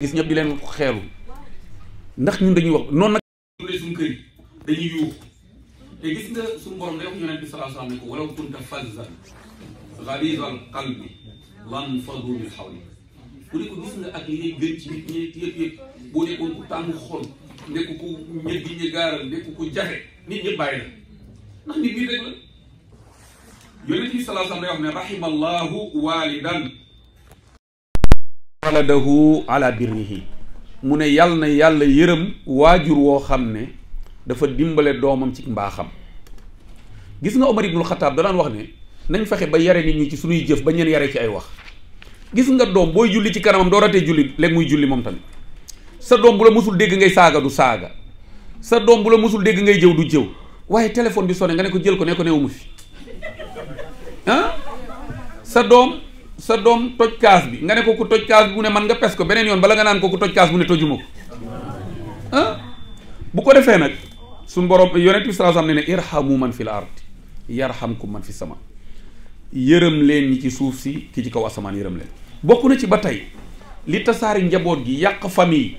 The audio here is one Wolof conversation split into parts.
gis ñëpp di leen xeelu ndax ñun dañuy wax noonu nag dee suñu kër yi dañuy yuux te gis nga suñu borom day wax yonent bi sallallahu alayhi wa sallam ne ko walaw kunta fazzan ghalizal qalbi lan fadu min hawlik ku ne ko gis nga ak li ngay gën ci nit ñi yëpp yëpp boo nekkoon ku tàmm xol nekk ku ñëg gi ñu gaaral nekk ku jafe nit ñëpp bàyyi la ndax nit ñi rek la yonent bi sallallahu alayhi wa sallam day wax ne rahimallahu walidan waladahu ala birrihi mune ne yalla na wajur wo xamne dafa dimbalé domam ci mbaxam gis nga umar ibn khattab da lan wax ne nañ fexé ba yare nit ñi ci suñuy jëf ba ñen yare ci ay wax gis nga dom boy julli ci karamam do raté julli léegi muy julli mom tamit sa dom bu la musul dégg ngay saga du saga, sa dom bu la musul dégg ngay jëw du jëw waye téléphone bi soné nga ne ko jël ko ne ko newu mu fi hein sa dom sa doom toj kaas bi nga ne ko ku toj kaas bu ne man nga pes ko beneen yoon bala nga naan ko ku toj kaas bu ne tojuma ko ah bu ko defee nag sun borom yonent bi sallallahu alayhi ne ne irhamu man fi l ard yarhamkum man fi sama yërëm leen ñi ci suuf si ki ci kaw asamaan yërëm leen bokk na ci ba tey li tasaari njaboot gi yàq famille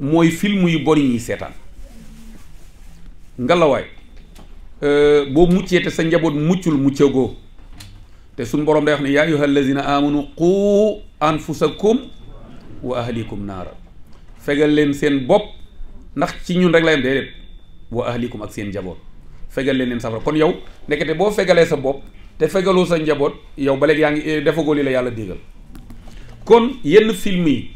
mooy film yu bon yi seetaan ngalawaay boo muccee te sa njaboot muccul muccagoo te suñ borom day wax ne yaa ayyuha allazina amanu qu anfusakum wa ahlikum naara fegal leen seen bopp ndax ci ñun rek la yem déedéet wa ahlikum ak seen njaboot fegal leen leen safara kon yow ndekete boo fegalee sa bopp te fegaloo sa njaboot yow ba léegi yaa ngi eh, defagoo li la yàlla déggal kon yenn film yi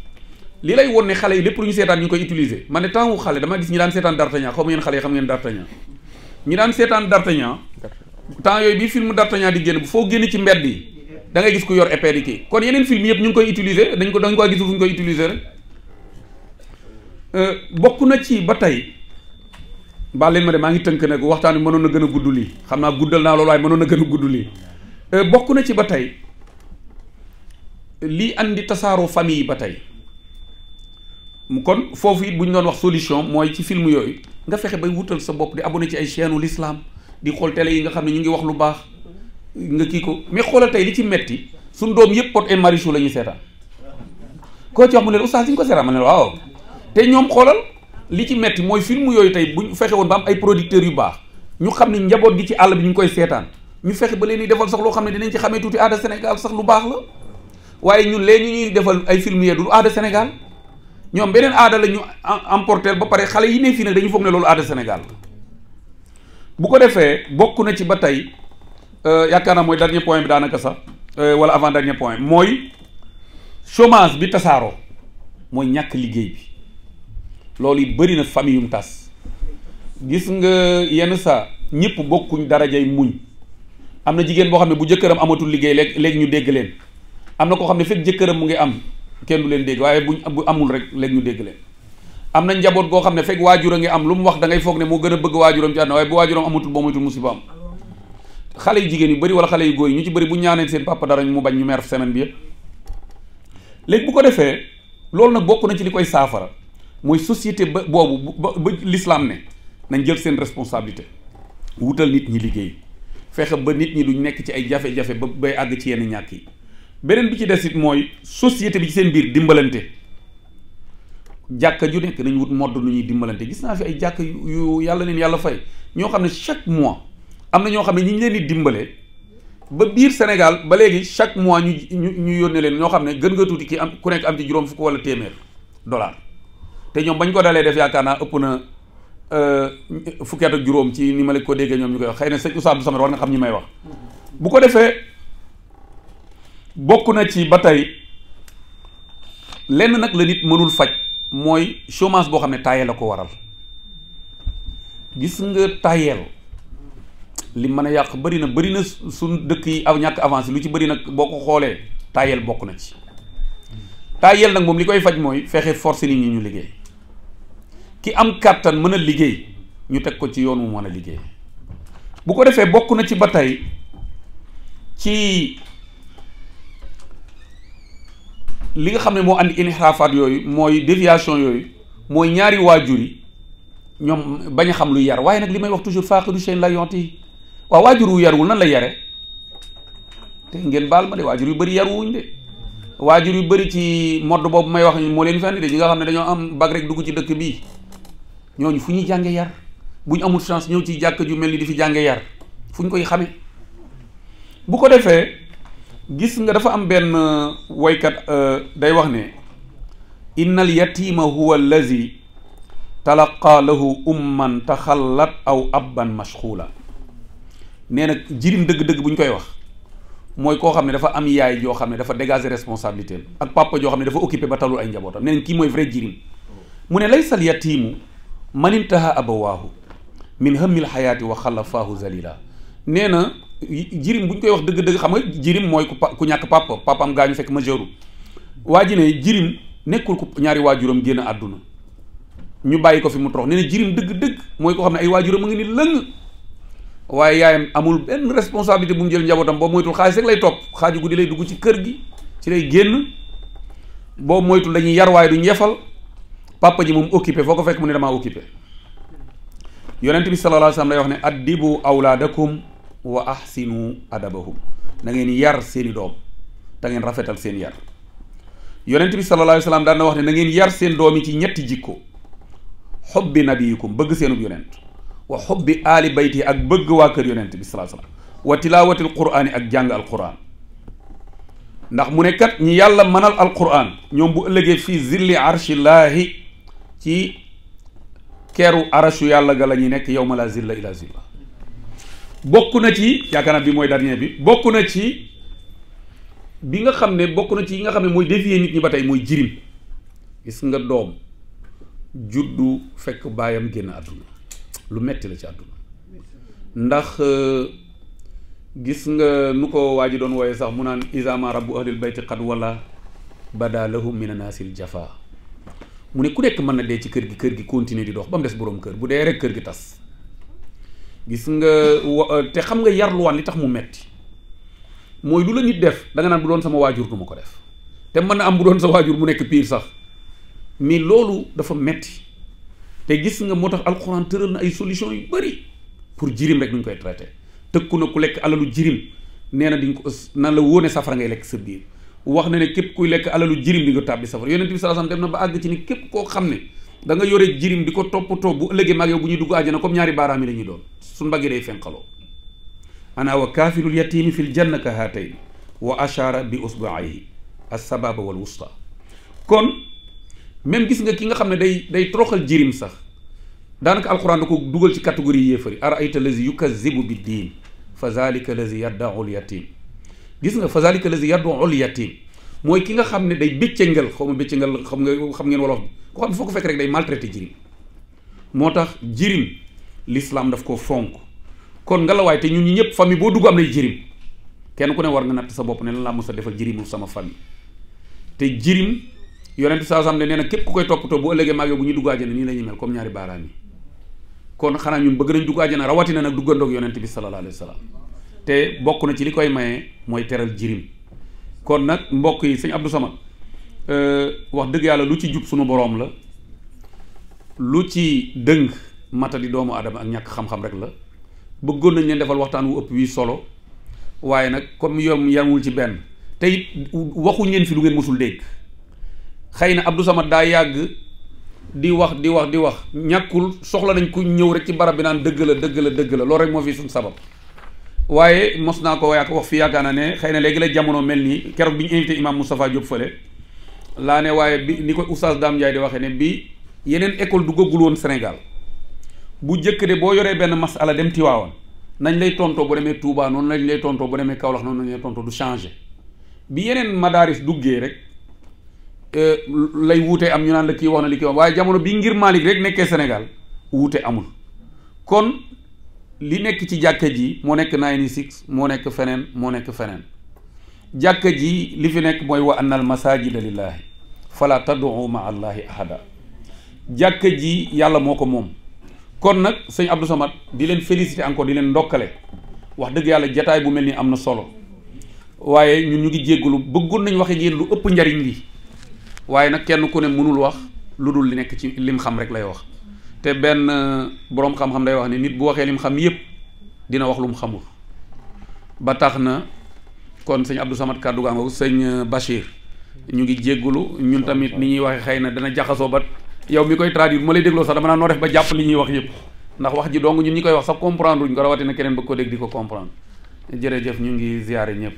li lay won ne xale yi lépp lu ñu seetaan ñu koy utiliser man ne temps wu xale dama gis ñi daan seetaan d'Artagnan xaw ma yéen xale yi xam ngeen d'Artagnan ñi daan seetaan temps yooyu bi film d'Artagnan di génn bu foo génn ci mbedd yi dangay gis ku yor épée di kii kon yeneen film yëpp ñu ngi koy utiliser dañ ko dañ ko gisul fu ñu koy utiliser euh, bokk na ci ba tey baal leen ma de maa ngi tënk nag waxtaan wi mënoon na gën a gudd lii xam naa guddal naa loolu waaye gën a gudd lii euh, bokk na ci ba tey lii indi tasaaroo fami ba tey kon foofu it bu ñu doon wax solution mooy ci film yooyu nga fexe bay wutal sa bopp di na ci ay chaîne lislaam di xol télé yi nga xamni ñu ngi wax lu baax nga ki ko mais xoolal tey li ci metti suñ doom yépp pot et Marichou lañu ñuy ko ci wax mu ne oustaz ñu nga ko séra mané waaw té ñom xolal li ci metti moy film yoy tay buñ fexé won ba am ay producteur yu baax ñu xamni njabot gi ci all bi ñu koy sétan ñu fexé ba leen di defal sax lo xamni dinañ ci xamé tuuti ada Sénégal sax lu baax la waye ñun léegi ñu ñuy defal ay film yé du ada Sénégal ñom benen ada la ñu emporter ba pare xalé yi né fi nag dañu fogné lolu ada Sénégal la bu ko defee bokk na ci ba tey euh, yaakaar naa mooy dernier point bi daanaka sax euh, wala avant dernier point mooy chômage bi tasaaroo mooy ñàkk liggéey bi loolu yi bëri na famille yum tas gis nga yenn saa ñëpp bokkuñ darajay muñ am na jigéen boo xam ne bu jëkkëram amatul liggéey léeg léegi ñu dégg leen am na koo xam ne fekk jëkkëram mu ngi am kenn du leen dégg waaye buñ bu amul rek léegi ñu dégg leen am na njaboot goo xam ne fekk waajur a ngi am lu mu wax da ngay foog ne moo gën a bëgg waajuram ci àdduna waaye bu waajuram amatul boo moytul musiba am xale yu jigéen yu bëri wala xale yu góor yi ñu ci bëri bu ñaanee seen papa dara ñu mu bañ ñu mer semaine bi yëpp léegi bu ko defee loolu nag bokk na ci li koy saafara mooy société ba boobu ba ba l'islam ne nañ jël seen responsabilité wutal nit ñi liggéey fexe ba nit ñi duñ nekk ci ay jafe-jafe ba bay àgg ci yenn ñàkk yi beneen bi ci des it mooy société bi ci seen biir dimbalante jàkka ju nek nañ wut modd nu ñuy dimbalante gis na fi ay jàkka yu yalla leen yalla fay ño xamne chaque mois amna ño xamne ñi ñu leen di dimbalé ba biir Sénégal ba légui chaque mois ñu ñu ñu leen ño xamne gën nga tuti ki am ku nek am ci juroom fuk wala témèr dollar té ñom bañ ko dalé def yaakaar ëpp na euh fukkat ak juroom ci ni malé ko déggee ñom ñukoy wax xeyna sëñ Ousseynou samar war nga xam ñi may wax. bu ko défé bokku na ci batay lenn nak la nit mënul fajj mooy chômage boo xam ne tayel la ko waral gis nga tayel li mën a yàq bëri na bëri na suñ dëkk yi aw ñàkk avance lu ci bëri nag boo ko xoolee tayel bokk na ci tayel nag moom li koy faj mooy fexe force nit ñi ñu liggéey ki am kàttan mën a liggéey ñu teg ko ci yoon mu mën a liggéey bu ko defee bokk na ci ba tey ci li nga xam ne moo andi inxiraafaat yooyu mooy déviation yooyu mooy ñaari waajur yi ñoom bañ xam lu yar waaye nag li may wax toujours faaqidu shay'in laa yu'tihi waaw waajur wu yarwul nan la yare te ngeen baal ma de waajur yu bëri yarwuñ de waajur yu bari ci modd boobu may wax moo leen fi andi de ñi nga xam ne dañoo am bag rek dugg ci dëkk bii ñooñu fu ñuy jànge yar bu ñu amul chance ñëw ci jàkk ju mel ni di fi jànge yar fu ñu koy xamee bu ko defee gis nga dafa am benn woykat day wax ne innal yatima huwa allazi talaqa lahu umman takhallat aw abban mashxuula neena jirim deug deug buñ koy wax moy ko xamne dafa am yaay jo xamne dafa dégager responsabilité ak papa jo xamne dafa occuper ba talul ay njabotam neen ki moy vrai jirim mune laysal yatimu man intaha abawahu min hammil hayati wa xalafaahu zalila Nena jirim buñ koy wax deug deug xam nga jirim moy ku pa ku papa papaam gañu fekk majeur waa ne jirim nekkul ku ñaari waajuram gene aduna ñu bayiko fi mu tok jirim deug deug moy ko xamne ay waajuram nga ni leung waye yaayam amul ben responsabilité bu mu jël njabotam bo moytul xaalis rek lay top xaju gudi lay dugg ci kër gi ci lay genn bo moytul dañuy yar way duñ yefal papa ji mom occupé foko fekk mu ne dama occupé yaronte bi sallallahu alayhi wasallam lay wax ne adibu awladakum wa ahsinu adabahum na ngeen yar seeni doom te ngeen rafetal seen yar yonent bi sallallahu alayhi wa sallam daan na wax ne na ngeen yar seen doom yi ci ñetti jikko xobbi nabiyikum bëgg seenub yonent wa xobbi aali bayti ak bëgg waa kër yonent bi sallallahu alayhi wa sallam wa tilaawatil ak jàng alquran ndax mu nekkat ñi yàlla manal mënal alquran ñoom bu ëllëgee fii zilli arshillaahi ci keeru arashu yàlla ga la ñuy nekk yawma la zilla ila bokk na ci yaakaar bi mooy dernier bi bokk na ci bi nga xam ne bokk na ci yi nga xam ne mooy dévier nit ñi ba tey mooy jirim gis nga doom juddu fekk baayam génn àdduna lu metti la ci àdduna ndax euh, gis nga nu ko waa ji doon wooye sax mu naan isama rabbu ahlil bayti xad wala bada lahum min anaasil jafa mu ne ku nekk mën na dee ci kër gi kër gi continuer di dox ba mu des boroom kër bu dee rek kër gi tas gis nga euh, te xam nga yar luwaan li tax mu metti mooy lu la nit def da nga naan bu doon sama waajur du ko def te mën na am bu doon sa waajur mu nekk pire sax mais loolu dafa metti te gis nga moo tax alxuraan tëral na ay solution yu bëri pour jirim rek nuñ koy traité tëkku na ku lekk alalu jirim nee na ko nga ko nan la wóone safara ngay lekk sa biir wax na ne képp kuy lekk alalu jirim di nga tàbbi safara yonent bi sallallahu alayhi wasallam dem na ba àgg ci ni képp koo xam ne da nga yore jirim di ko toppatoo bu ëllëgee mag yow bu ñuy dugg àjjana ko ñaari baaraam yi la doon su mbaggi day fenqaloo ana wa kaafilul yatimi fil janna ka haatayn wa ashara bi usbaayhi assababa wal wusta kon même gis nga ki nga xam ne day day toroxal jirim sax daanaka alquran da ko dugal ci catégorie yéefari ara ayta yu yukazibu bi diin fa zalika lazi yaddaul yatim gis nga fa zalika lazi yaddaul yatim mooy ki nga xam ne day bëccëngal xaw ma bëccëngal xam nga xam ngeen ko xam foo ko fekk rek day maltraité jirim moo tax jirim l'islam daf ko fonk kon nga la waay te ñun ñi ñëpp famille boo dugg am nay jirim kenn ku ne war nga natt sa bopp ne lan laa mos a defal jirimu sama famille te jirim yonent saa sam ne nee na ku koy toppatoo bu ëllëgee maag bu ñu dugg àjjana nii la ñuy mel comme ñaari kon xanaa ñun bëgg nañ dugg àjjana rawatina nag duggandoog yonent bi sallallahu alayhi wa te bokk na ci li koy maye mooy teral jirim kon nag mbokk yi sëñ Abdou Samad Euh, wax deug yalla lu ci jup suñu borom la lu ci mata matadi doomu adam ak ñak xam-xam rek la bëggoon nañu leen defal waxtaan wu upp wi solo waye nak comme yom yamul ci ben te it waxuñ leen fi lu ngeen musul deg xeyna Abdou Samad da yag di wax di wax di wax ñakul soxla nañ ku ñew rek ci barab bi naan deug la deug la deug la loolu rek mo fi sun sabab waye mosna naa ko wax fi yaakaar ne xeyna legui la jamono melni kérok biñu invité imam Moustapha Diop fële laa ne waaye bi ni ko oustaz Dame Ndiaye di waxee ne bi yeneen école duggagul woon Sénégal bu jëkk de boo yoree benn ala dem Tiwaawan nañ lay tontoo bu demee Touba noonu lañ lay tontoo bu demee Kaolack noonu lañ lay tontoo du changé bi yeneen madaaris duggee rek euh, lay wuutee am ñu naan la kiy wax na li kii wax waaye jamono bi ngir Malick rek nekkee Sénégal wuute amul kon li nekk ci jàkka ji moo nekk 96 moo nekk feneen moo nekk feneen jàkka ji li fi nekk mooy wa annal masajida lillahi fala tad'u ma allahi ahada jàkk ji yalla moko mom kon nak seigne Abdou Samad di len féliciter encore di len ndokalé wax deug yalla jotaay bu melni ni solo waaye ñun ñu ngi jéggulu bëggul nañ waxe ngeen lu ëpp ndariñ li waaye nak kenn ku ne mënul wax lu li nekk ci lim xam rek lay wax té ben euh, borom xam-xam day wax ni nit bu lim xam yépp dina wax lu mu xamul ba taxna kon seigne Abdou Samad kaddu gaa nga euh, Bachir ñu ngi jéggulu ñun tamit ni ñuy wax xeyna dana jaxaso ba yow mi koy traduire ma lay dégloo sax dama na no def ba japp li ñuy wax yépp ndax wax ji dong ñun ñi koy wax sax comprendre uñ ko na keneen ba ko dégg diko comprendre comprendre jërëjëf ñu ngi ziaré ñëpp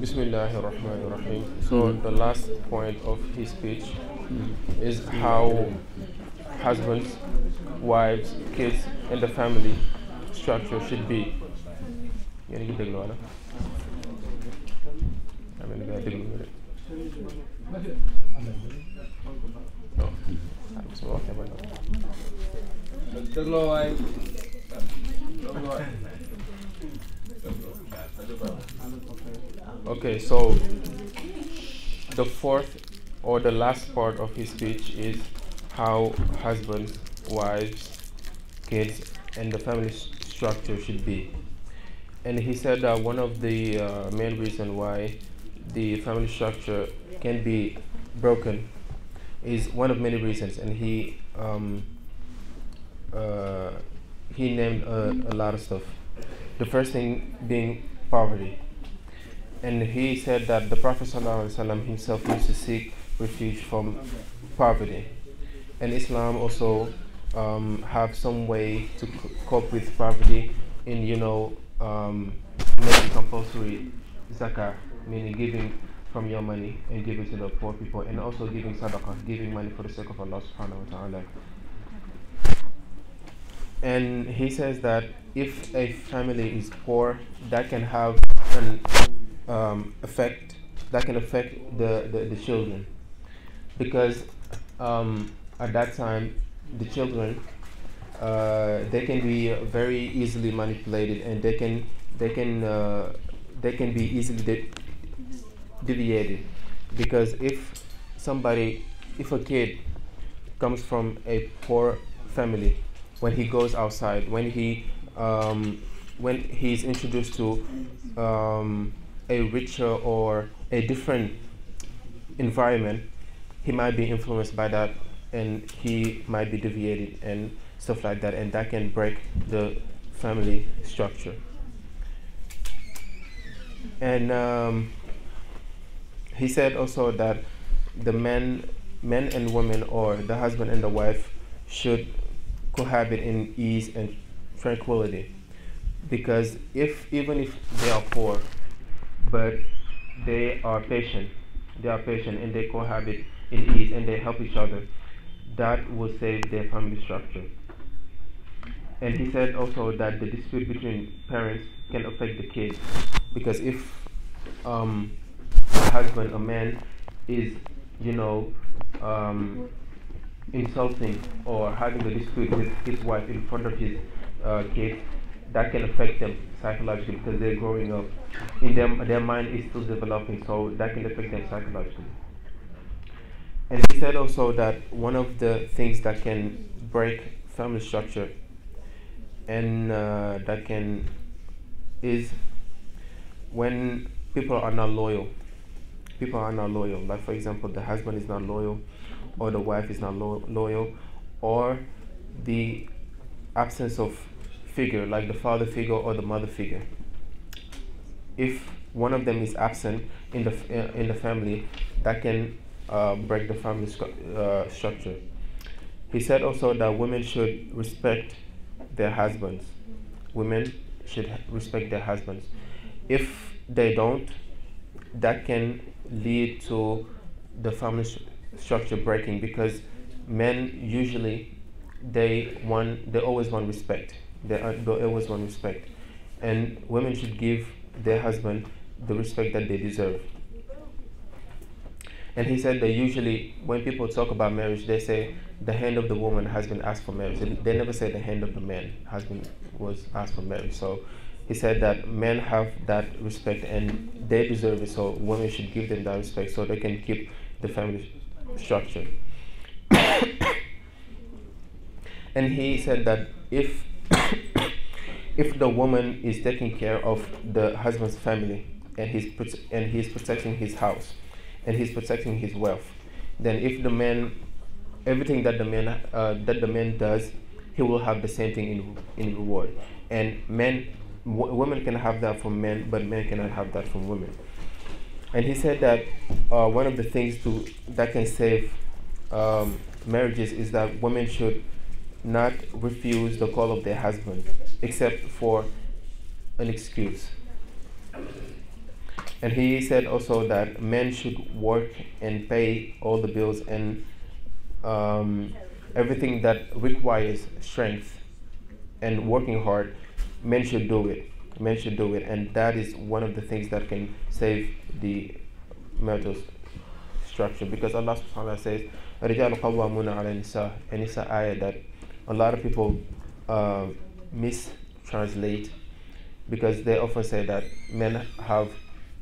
Bismillahir Rahmanir Rahim. So hmm. the last point of his speech is how husbands, wives, kids, and the family structure should be. yéen a ngi déglu wala Okay, so the fourth or the last part of his speech is how husbands, wives, kids, and the family structure should be and he said that one of the uh, main reasons why the family structure can be broken is one of many reasons, and he um, uh, he named a, uh, a lot of stuff. The first thing being poverty, and he said that the Prophet ﷺ himself used to seek refuge from poverty, and Islam also um, have some way to cope with poverty in you know um, make compulsory zakah, meaning giving from your money and giving to the poor people, and also giving sadaqah, giving money for the sake of Allah subhanahu wa ta'ala. And he says that if a family is poor, that can have an um, effect, that can affect the, the, the children. Because um, at that time, the children uh, they can be very easily manipulated and they can they can uh, they can be easily de deviated because if somebody if a kid comes from a poor family when he goes outside when he um, when he's introduced to um, a richer or a different environment he might be influenced by that and he might be deviated and stuff like that, and that can break the family structure. And um, he said also that the men, men and women, or the husband and the wife, should cohabit in ease and tranquility, because if even if they are poor, but they are patient, they are patient, and they cohabit in ease and they help each other, that will save their family structure. And he said also that the dispute between parents can affect the kids because if um, a husband, a man, is, you know, um, insulting or having a dispute with his wife in front of his uh, kids, that can affect them psychologically because they're growing up. In them, their mind is still developing, so that can affect them psychologically. And he said also that one of the things that can break family structure and uh, that can is when people are not loyal people are not loyal like for example the husband is not loyal or the wife is not lo- loyal or the absence of figure like the father figure or the mother figure if one of them is absent in the f- uh, in the family that can uh, break the family stru- uh, structure he said also that women should respect their husbands. Women should respect their husbands. If they don't, that can lead to the family st- structure breaking because men usually they want they always want respect. They, uh, they always want respect, and women should give their husband the respect that they deserve. And he said they usually, when people talk about marriage, they say the hand of the woman has been asked for marriage. They never say the hand of the man has been was asked for marriage. So he said that men have that respect and they deserve it. So women should give them that respect so they can keep the family structure. and he said that if if the woman is taking care of the husband's family and he's and he's protecting his house and he's protecting his wealth, then if the man, everything that the man uh, that the man does, he will have the same thing in in reward. And men, women can have that from men, but men cannot have that from women. And he said that uh, one of the things to that can save um, marriages is that women should not refuse the call of their husband, except for an excuse. And he said also that men should work and pay all the bills and um, everything that requires strength and working hard. Men should do it. Men should do it, and that is one of the things that can save the marital structure because Allah Subhanahu wa Taala says, ala nisa," and it's an ayah that a lot of people uh, mistranslate because they often say that men have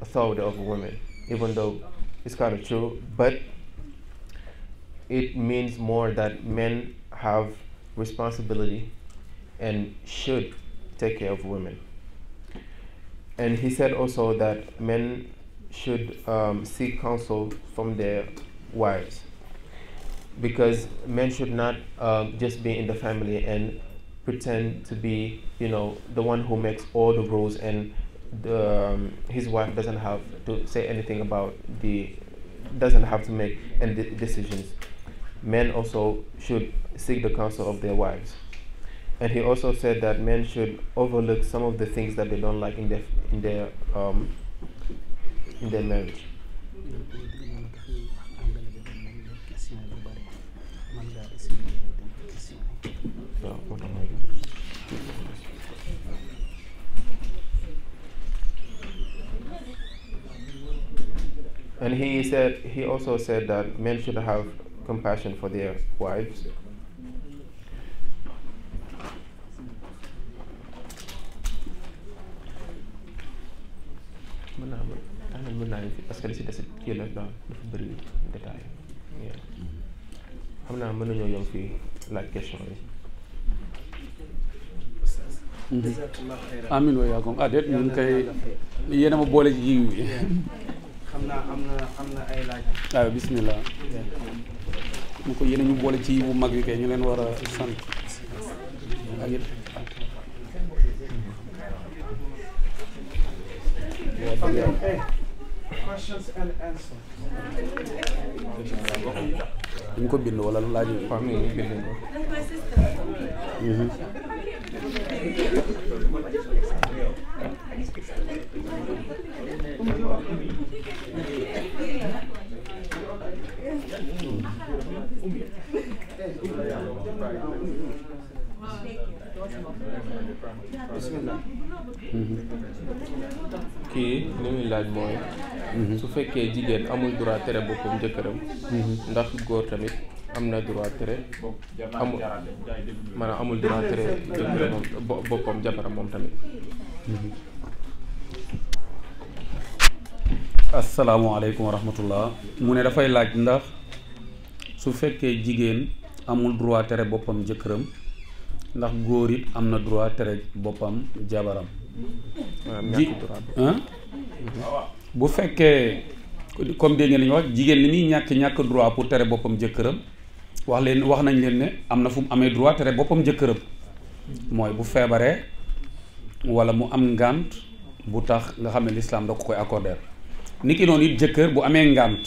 authority over women, even though it's kind of true. But it means more that men have responsibility and should take care of women. And he said also that men should um, seek counsel from their wives because men should not um, just be in the family and pretend to be, you know, the one who makes all the rules and the, um, his wife doesn't have to say anything about the doesn't have to make any decisions. Men also should seek the counsel of their wives. And he also said that men should overlook some of the things that they don't like in their in their um, in their marriage. And he said he also said that men should have compassion for their wives. am na am na am na ay laaj. Ah, ko ñu boole ci bu mag yi kay ñu leen war a sant ak it. dañ ko bind wala laaj. bind ko. Mhm. بسم الله Mhm. kii li muy laaj mooy mhm. su fekkee jigéen amul droit tere boppam jëkkëram mhm. ndax góor tamit am na droit tere amul maanaam amul droit tere boppam jabaram moom tamit asalaamaaleykum wa rahmatullah mu ne dafay laaj ndax su fekkee jigéen amul droit tere boppam jëkkëram ndax góor it am na droit tere boppam jabaram ah, ji ah? bu fekkee comme dégg ngeen ñu wax jigéen li muy ñàkk ñàkk droit pour tere boppam jëkkëram wax leen wax nañ leen ne am na fu mu amee droit tere boppam jëkkëram mooy bu feebaree wala mu am ngànt bu tax nga xam ne lislaam da ko koy accorder ni ki noonu it jëkkër bu amee ngànt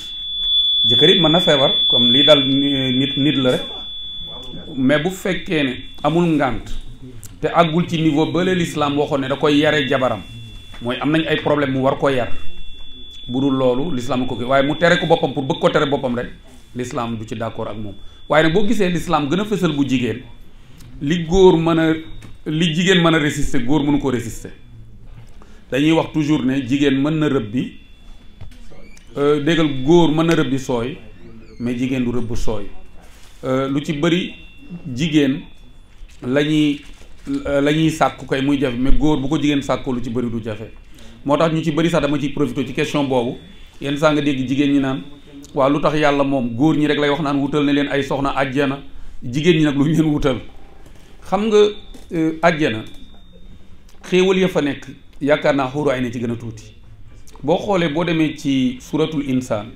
jëkkër it mën na feebar comme lii dal nit nit la rek mais bu fekkee ne amul ngànt te àggul ci niveau bële l'islam waxoon ne da koy yare jabaram mooy am nañ ay problème mu war ko yar bu dul loolu l'islam ko kii waaye mu tere ko boppam pour bëgg ko tere boppam rek l'islam du ci d'accord ak moom waaye nag boo gisee l'islam gën a fësal bu jigéen li góor mën a li jigéen mën a résister góor mënu ko résister dañuy wax toujours ne jigéen mën na rëb bi euh, déggal góor mën na rëb bi sooy mais jigéen du rëbb sooy euh, jigéen la ñuy la ñuy sàkk koy muy jafe mais góor bu ko jigéen sàkkoo lu ci bëri du jafe moo tax ñu ci bari sax dama ciy profité ci question boobu yenn saa nga dégg jigéen ñi naan waaw lu tax yàlla moom góor ñi rek lay wax naan wutal ne leen ay soxna àjjana jigéen ñi nag lu ñu leen wutal xam nga euh, àjjana xéewal ya fa nekk yaakaar naa xóoru ay na ci gën a tuuti boo xoolee boo demee ci suratul insaan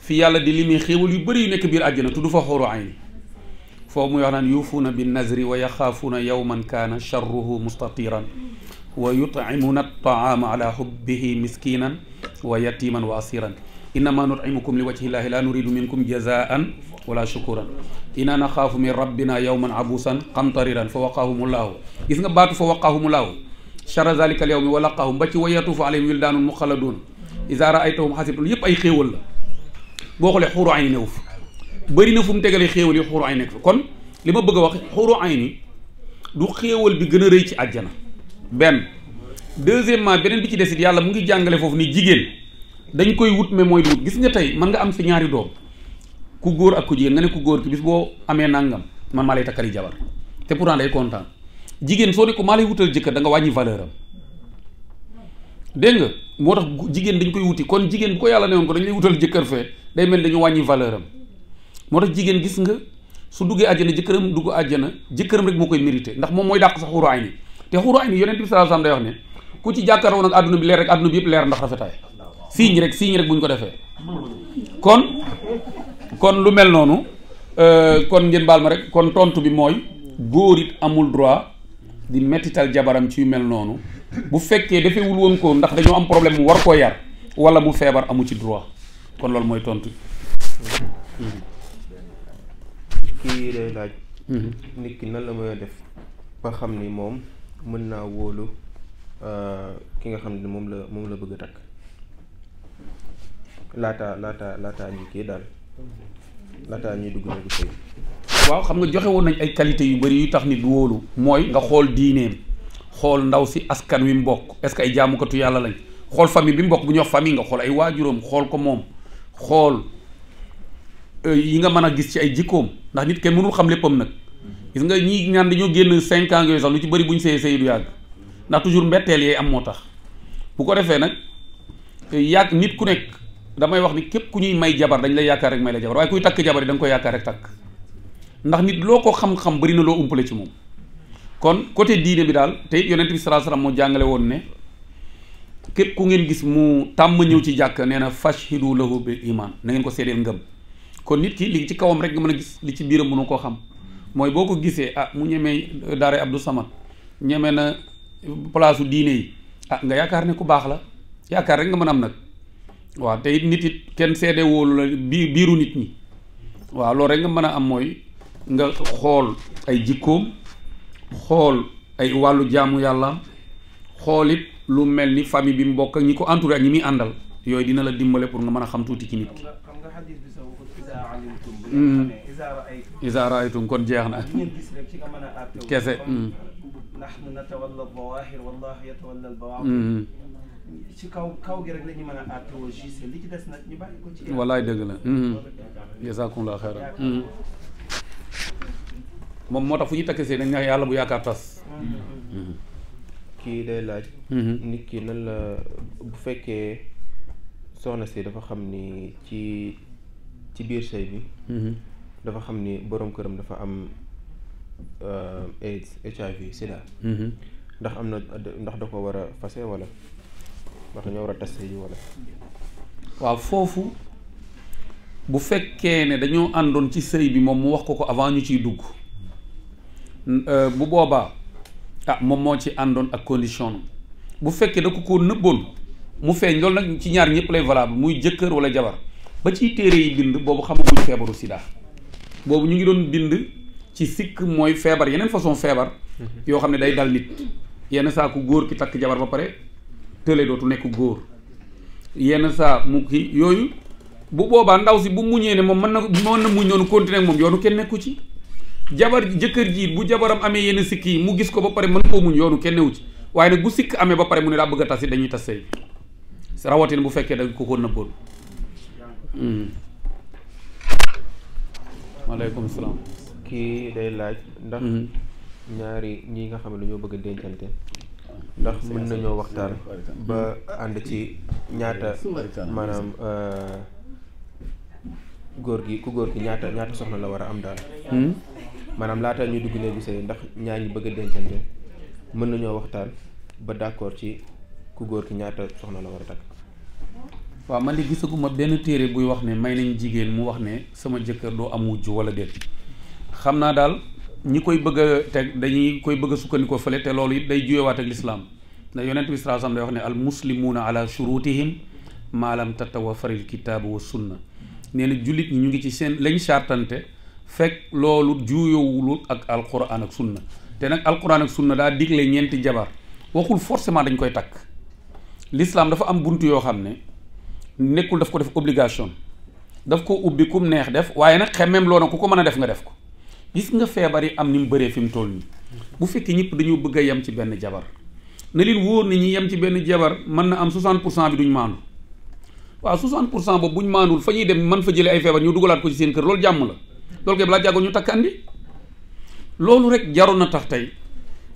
fi yàlla di limee xéewal yu bëri yu nekk biir àjjana tudd fa xóoru ay فهم يعنى يوفون بالنذر ويخافون يوما كان شره مستطيرا ويطعمون الطعام على حبه مسكينا ويتيما واسيرا إنما نطعمكم لوجه الله لا نريد منكم جزاء ولا شكورا إنا نخاف من ربنا يوما عبوسا قمطريرا فوقاهم الله إذن باتوا فوقاهم الله شر ذلك اليوم ولقاهم باتي ويطوف عليهم ولدان مخلدون إذا رأيتهم حسبتم يب أي خيول بوغلي حور عين نوف bari na fu mu tegalee xéewal yi xuuru ay nekk fa kon li ma bëgg a wax xuuru ay ni du xéewal bi gën a rëy ci àjjana benn deuxièmement beneen bi ci des it yàlla mu ngi jàngale foofu ni jigéen dañ koy wut ma mooy du gis nga tey mën am fi ñaari doom ku góor ak ku jigéen nga ne ku góor ki boo amee nangam man maa lay takkali jabar te pourtant day kontaan jigéen soo ne ko maa wutal jëkkër danga wàññi valeuram am nga moo tax jigéen dañ koy wuti kon jigéen bu ko yàlla newoon ko dañ lay wutal jëkkër fee day mel dañu wàññi valeur am moo tax jigéen gis nga su duggee àjjana jëkkëram dugg àjjana jëkkëram rek moo koy mérité ndax moom mooy dàq sa xuru ay ni te xuru ay ni yonent bi sallallahu alayhi wasallam day wax ne ku ci jàkkaaroo nag àdduna bi leer rek àdduna bi yëpp leer ndax rafetaay siiñ rek siiñ rek bu ñu ko defee kon kon lu mel noonu euh, kon ngeen baal ma rek kon tontu bi mooy góor it amul droit di mettital jabaram ci yu mel noonu bu fekkee defewul woon ko ndax dañoo am problème mu war koo yar wala mu feebar amu ci droit kon loolu mooy tontu. kii day laaj mm-hmm. nit ki nan la mën a def ba xam ni moom mën naa wóolu euh, ki nga xam ne moom la moom la bëgg a takk laata laata laata ñu kii daal laata ñuy dugg nag sëy waaw xam nga joxe woon nañ ay qualité yu bëri yu tax nit wóolu mooy nga xool diineem xool ndaw si askan wi mu bokk est ce que ay jaamukatu yàlla lañ xool famille bi mu bokk bu wax famille nga xool ay waajuram xool ko moom xool Euh, yi nga mën a gis ci ay jikkoom ndax nit kenn mënul xam léppam nag gis nga ñi ñaan dañoo génn cinq ans sax lu ci bëri buñ sëy sëy du yàgg ndax toujours mbetteel yee am moo tax bu ko defee nag euh, yàgg nit ku nekk damay wax ni képp ku ñuy may jabar dañ lay yaakaar rek may la jabar waaye kuy takk jabar yi da koy yaakaar rek takk ndax nit loo ko xam-xam bëri na loo umpale ci moom kon côté diine bi daal te it yonent bi sallallahu alayhi moo jàngale woon ne képp ku ngeen gis mu tàmm ñëw ci jàkk nee na fashhidu lahu bil na ngeen ko seedeel ngëm kon nit ki li ci kawam rek nga mën gis li ci biram mënu ko xam moy boko gisé ah mu ñëmé daara Abdou Samad ñëmé na placeu diiné yi ah nga yaakar ne ku bax la yaakar rek nga mëna am nak wa te it nit it kenn sédé wolu la biiru nit ñi wa lo rek nga mëna am moy nga xol ay jikkoom xol ay walu jaamu yalla xolit lu melni ni bi mbokk ñiko andal entouré dina la dimbalé pour nga mëna xam tuuti ci nit ki Mm. isa raaytum kon jeex na kese mm. nahnu natawalla zawahir wallahu yatawalla al-bawatin mm. ci kaw kaw gi rek la ñu li des nag ci wallaay dëgg la jazakumullah xayran moom moo tax fu ñu takk see dañ yàlla bu yaakaar tas mm-hmm. Mm-hmm. kii day laaj mm-hmm. nit ki nan la bu fekkee soxna si dafa xam ni ci ci biir sëy bi mm-hmm. dafa xam ni boroom këram dafa am euh, AIDS HIV sida mm-hmm. ndax am na ndax da ko war a fase wala ndax dañoo war a tas yi wala waaw foofu bu fekkee ne dañoo àndoon ci sëy bi moom mu wax ko ko avant ñu ciy dugg euh, bu boobaa ah moom moo ci àndoon ak condition bu fekkee da ko ko nëbboon mu feeñ loolu nag ci ñaar ñëpp lay valable muy jëkkër wala jabar ba ci téere yi bind boobu xamaguñ feebaru sida boobu ñu ngi doon bind ci sikk mooy feebar yeneen façon feebar mhm. yoo xam ne day dal nit yenn saa ku góor ki takk jabar ba pare tële dootu nekk góor yenn saa mu ki yooyu bu boobaa ndaw si bu muñee ne moom mën na mën na muñ doon continuer moom yoonu kenn nekku ci jabar jëkkër ji bu jabaram amee yenn sikk yi mu gis ko ba pare mën koo muñ yoonu kenn newu ci waaye nag bu sikk amee ba pare mu ne daa bëgg a tas dañuy tas sëy rawatina bu fekkee da ko ko nëbboon Mm. maaleykum salaam. kii day laaj ndax. Mm-hmm. ñaari ñi nga xam ne dañoo bëgg a dencante. Mm-hmm. ndax mën nañoo waxtaan ba ànd ci ñaata maanaam uh, góor gi ku góor gi ñaata ñaata soxna la war a am daal. Mm-hmm. maanaam laata ñuy dugg néegu sëy ndax ñaar ñi bëgg a dencante mën nañoo waxtaan ba d'accord ci ku góor gi ñaata soxna la war a takk. waaw man de gisaguma benn téere buy wax ne may nañ jigéen mu wax ne sama jëkkër doo am wujj wala déet xam naa daal ñi koy bëgg a teg dañuy koy bëgg sukkandikoo fële te loolu it day juyewaat ak lislaam ndax yonent bi sallallahu alayhi wasallam day wax ne al muslimuuna ala shurutihim maalam tatawafaril kitaabu wa sunna nee na jullit ñi ñu ngi ci seen lañ chartante fekk loolu juuyowul ak alquran ak sunna te nag alquran ak sunna daa digle ñeenti jabar waxul forcément dañ koy takk l'islam dafa am bunt yoo xam ne nekkul daf ko def obligation daf ko ubbi kum neex def waaye nag xemmeem loo na ku ko mën a def nga def ko gis nga feebar yi am ni mu bëree fi mu toll nii bu fekkee ñëpp dañoo bëgg a yem ci benn jabar na leen wóor na ñi yem ci benn jabar mën na am 60 pour cent bi duñ maandu waaw 60 pour cent boobu buñ maandul fa ñuy dem mën fa jëlee ay feebar ñu dugalaat ko ci seen kër loolu jàmm la loolu kay balaa jàggoon ñu takk andi loolu rek jaroon na tax tey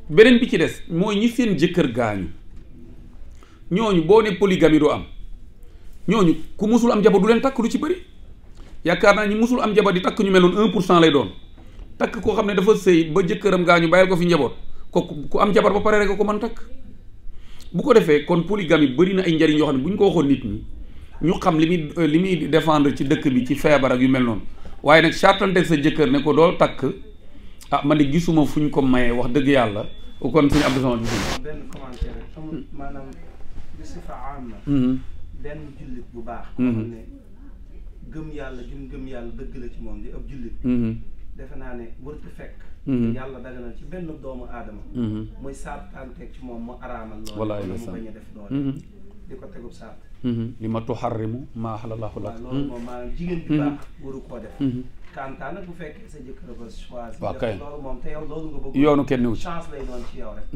beneen bi ci des mooy ñi seen jëkkër gaañu ñooñu boo ne polygamie du am. ñooñu ku musul am jabar du leen takk lu ci bëri yaakaar naa ñu musul am jabar di takk ñu meloon un pour cent lay doon takk koo xam ne dafa sëy ba jëkkëram gaa ñu bàyyil ko fi njaboot kooku ku am jabar ba pare rek ko mën takk bu ko defee kon polygamie bëri na ay njariñ yoo xam ne bu ñu ko waxoon nit ñi ñu xam li muy euh, li muy défendre ci dëkk bi ci feebar ak yu mel noonu waaye nag de sa jëkkër ne ko doo takk ah man de gisuma fu ñu ko mayee wax dëgg yàlla kon suñu abdou sama benn jullit bu baax. Mhm. boo ne gëm yàlla gëm gëm yàlla dëgg la ci moom di ab jullit. Mhm. defe naa ne wërtu fekk. Mhm. yàlla daganal ci benn doomu aadama. muy saabtaanteeg ci moom mu araamal loolu. walaay def loolu. di ko tegub saabt. li ma tuxarrimu maa xalalahu lak. waaw jigéen bi baax waru koo def. kontaan uhum. uhum. ah, uhum. nag bu fekkee sa jëkkër ba choisir. waaw kay loolu moom te yow loolu nga bëgg. yoonu kenn wu chance lay doon ci yow rek.